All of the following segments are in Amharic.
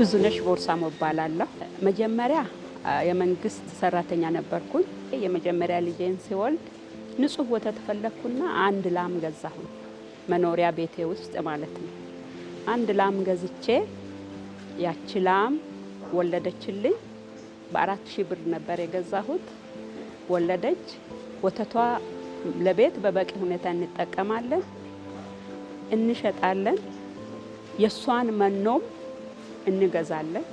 ብዙነሽ ቦርሳ እባላለሁ። መጀመሪያ የመንግስት ሰራተኛ ነበርኩኝ። የመጀመሪያ ልጄን ሲወልድ ንጹህ ወተት ፈለግኩና አንድ ላም ገዛሁ፣ መኖሪያ ቤቴ ውስጥ ማለት ነው። አንድ ላም ገዝቼ ያቺ ላም ወለደችልኝ። በአራት ሺህ ብር ነበር የገዛሁት። ወለደች። ወተቷ ለቤት በበቂ ሁኔታ እንጠቀማለን፣ እንሸጣለን። የእሷን መኖም እንገዛለን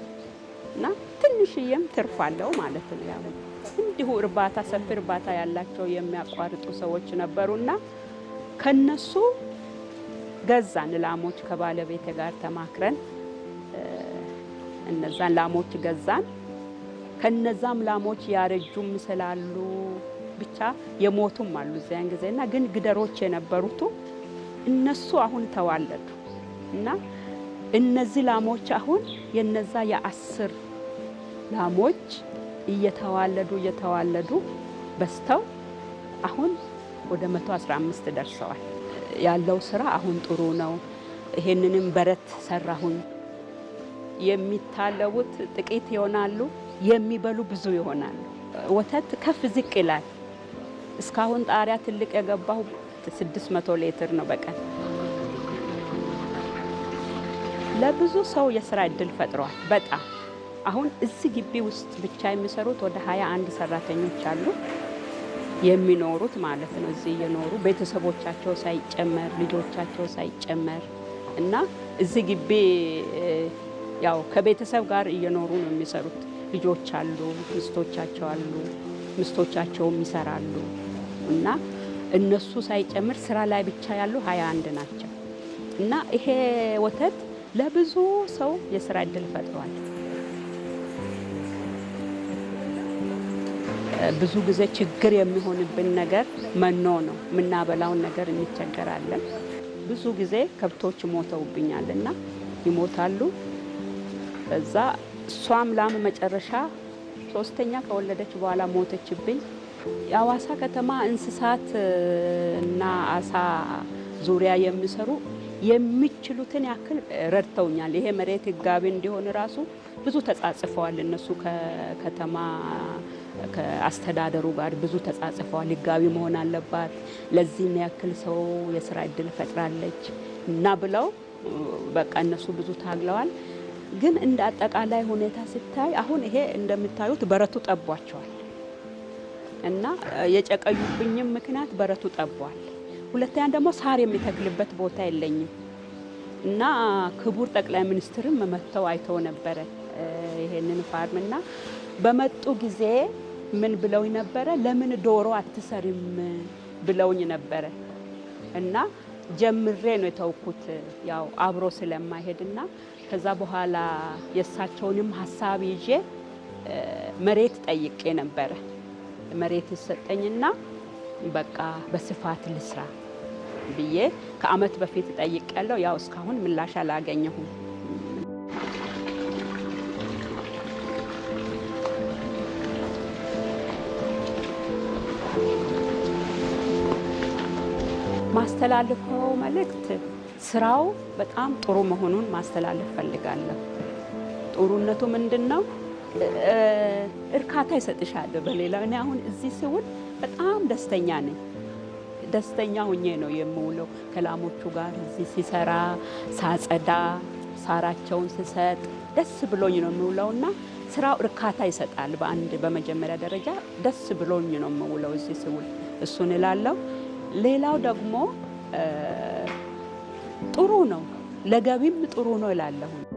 እና ትንሽዬም ትርፍ አለው ማለት ነው። ያው እንዲሁ እርባታ ሰፊ እርባታ ያላቸው የሚያቋርጡ ሰዎች ነበሩና ከነሱ ገዛን ላሞች ከባለቤት ጋር ተማክረን እነዛን ላሞች ገዛን። ከነዛም ላሞች ያረጁም ስላሉ ብቻ የሞቱም አሉ እዚያን ጊዜ እና ግን ግደሮች የነበሩቱ እነሱ አሁን ተዋለዱ እና እነዚህ ላሞች አሁን የነዛ የአስር ላሞች እየተዋለዱ እየተዋለዱ በዝተው አሁን ወደ 115 ደርሰዋል። ያለው ስራ አሁን ጥሩ ነው። ይሄንንም በረት ሰራሁኝ። የሚታለቡት ጥቂት ይሆናሉ፣ የሚበሉ ብዙ ይሆናሉ። ወተት ከፍ ዝቅ ይላል። እስካሁን ጣሪያ ትልቅ የገባው 600 ሊትር ነው በቀን ለብዙ ሰው የስራ እድል ፈጥሯል። በጣም አሁን እዚህ ግቢ ውስጥ ብቻ የሚሰሩት ወደ ሀያ አንድ ሰራተኞች አሉ የሚኖሩት ማለት ነው። እዚህ እየኖሩ ቤተሰቦቻቸው ሳይጨመር ልጆቻቸው ሳይጨመር እና እዚህ ግቢ ያው ከቤተሰብ ጋር እየኖሩ ነው የሚሰሩት። ልጆች አሉ፣ ምስቶቻቸው አሉ፣ ምስቶቻቸውም ይሰራሉ እና እነሱ ሳይጨምር ስራ ላይ ብቻ ያሉ ሀያ አንድ ናቸው እና ይሄ ወተት ለብዙ ሰው የስራ እድል ፈጥሯል። ብዙ ጊዜ ችግር የሚሆንብን ነገር መኖ ነው። የምናበላውን ነገር እንቸገራለን። ብዙ ጊዜ ከብቶች ሞተውብኛል እና ይሞታሉ። በዛ እሷም ላም መጨረሻ ሶስተኛ ከወለደች በኋላ ሞተችብኝ። የአዋሳ ከተማ እንስሳት እና አሳ ዙሪያ የሚሰሩ የሚችሉትን ያክል ረድተውኛል። ይሄ መሬት ህጋዊ እንዲሆን ራሱ ብዙ ተጻጽፈዋል። እነሱ ከከተማ ከአስተዳደሩ ጋር ብዙ ተጻጽፈዋል። ህጋዊ መሆን አለባት፣ ለዚህም ያክል ሰው የስራ እድል ፈጥራለች እና ብለው በቃ እነሱ ብዙ ታግለዋል። ግን እንደ አጠቃላይ ሁኔታ ሲታይ አሁን ይሄ እንደምታዩት በረቱ ጠቧቸዋል እና የጨቀዩብኝም ምክንያት በረቱ ጠቧል። ሁለተኛ ደግሞ ሳር የሚተክልበት ቦታ የለኝም እና ክቡር ጠቅላይ ሚኒስትርም መጥተው አይተው ነበረ ይሄንን ፋርም እና በመጡ ጊዜ ምን ብለውኝ ነበረ? ለምን ዶሮ አትሰሪም ብለውኝ ነበረ እና ጀምሬ ነው የተውኩት ያው አብሮ ስለማይሄድና ከዛ በኋላ የእሳቸውንም ሀሳብ ይዤ መሬት ጠይቄ ነበረ። መሬት ይሰጠኝና በቃ በስፋት ልስራ ብዬ ከአመት በፊት ያለው ያው እስካሁን ምላሽ አላገኘሁም። ማስተላልፈው መልእክት ስራው በጣም ጥሩ መሆኑን ማስተላለፍ ፈልጋለሁ። ጥሩነቱ ምንድን ነው? እርካታ ይሰጥሻለሁ። በሌላ እኔ አሁን እዚህ ስውል በጣም ደስተኛ ነኝ። ደስተኛ ሁኜ ነው የምውለው። ከላሞቹ ጋር እዚህ ሲሰራ ሳጸዳ፣ ሳራቸውን ስሰጥ ደስ ብሎኝ ነው የምውለውና ስራው እርካታ ይሰጣል። በአንድ በመጀመሪያ ደረጃ ደስ ብሎኝ ነው የምውለው እዚህ ስውል፣ እሱን እላለሁ። ሌላው ደግሞ ጥሩ ነው ለገቢም ጥሩ ነው እላለሁ።